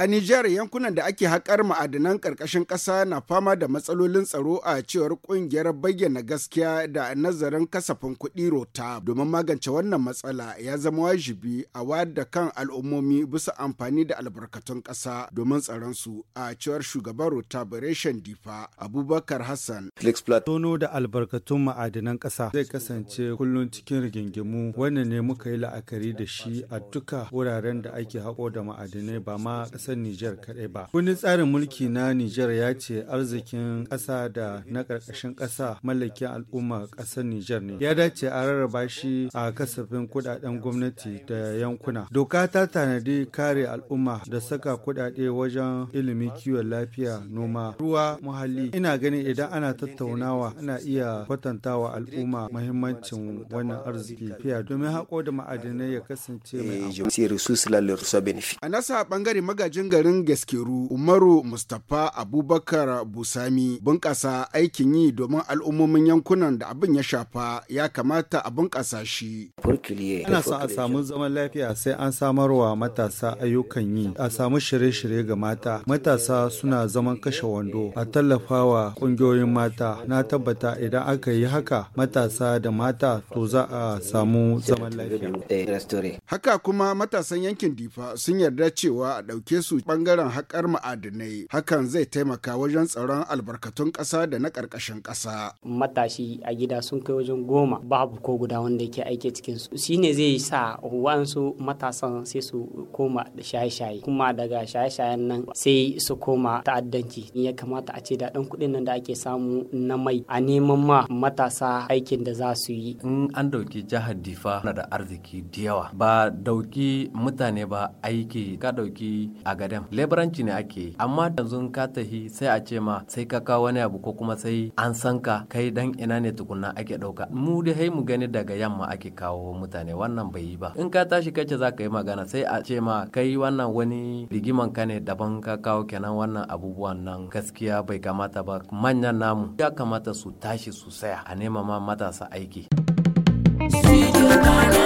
A Nijar yankunan da ake haƙar ma'adanan ƙarƙashin ƙasa na fama da matsalolin tsaro a cewar ƙungiyar bayyana gaskiya da nazarin kasafin kuɗi rota domin magance wannan matsala ya zama wajibi a wada kan al'ummomi bisa amfani da albarkatun ƙasa domin tsaron su, a cewar shugaban rota Bereshen Difa Abubakar Hassan. Tono da albarkatun ma'adanan ƙasa zai kasance kullum cikin rigingimu wanda ne muka yi la'akari da shi a duka wuraren da ake haƙo da ma'adanai ba ma Nijar kaɗai ba. Kundin tsarin mulki na Nijar ya ce arzikin ƙasa da na ƙarƙashin ƙasa mallakin al'umma ƙasar Nijar ne. Ya dace a rarraba shi a kasafin kuɗaɗen gwamnati da yankuna. Doka ta tanadi kare al'umma da saka kuɗaɗe wajen ilimi, kiwon lafiya, noma, ruwa, muhalli. Ina ganin idan ana tattaunawa ana iya kwatantawa al'umma mahimmancin wannan arziki fiya domin haƙo da ma'adinai ya kasance mai amfani. Eh, a nasa ɓangare magaji magajin garin gaskeru umaru mustapha abubakar busami bunƙasa aikin yi domin al'ummomin yankunan da abin ya shafa ya kamata a bunƙasa shi ana sa a samu zaman lafiya sai an samarwa matasa ayyukan yi a samu shirye-shirye ga mata matasa suna zaman kashe wando a tallafawa ƙungiyoyin mata na tabbata idan aka yi haka matasa da mata to za a samu zaman lafiya Haka kuma matasan yankin Difa sun yarda cewa a ɗauke su ɓangaren haƙar ma'adinai hakan zai taimaka wajen tsaron albarkatun ƙasa da na ƙarƙashin ƙasa. Matashi a gida sun kai wajen goma babu ko guda wanda yake aiki cikin su shine ne zai sa wa'ansu matasan sai su koma da shaye-shaye kuma daga shaye-shayen nan sai su koma ta'addanci ya kamata a ce da ɗan kuɗin nan da ake samu na mai a neman ma matasa aikin da za su yi. In an ɗauki jihar Difa na da arziki da yawa ba dauki mutane ba aiki ka dauki a gadan leburanci ne ake amma yanzu ka tahi sai a ce ma sai ka kawo wani abu ko kuma sai an san ka kai dan ina ne tukunna ake dauka mu dai hai mu gani daga yamma ake kawo mutane wannan bai yi ba in ka tashi kace za ka yi magana sai a ce ma kai wannan wani rigiman ka ne daban ka kawo kenan wannan abubuwan nan gaskiya bai kamata ba manyan namu ya kamata su tashi su saya a nema ma matasa aiki. Studio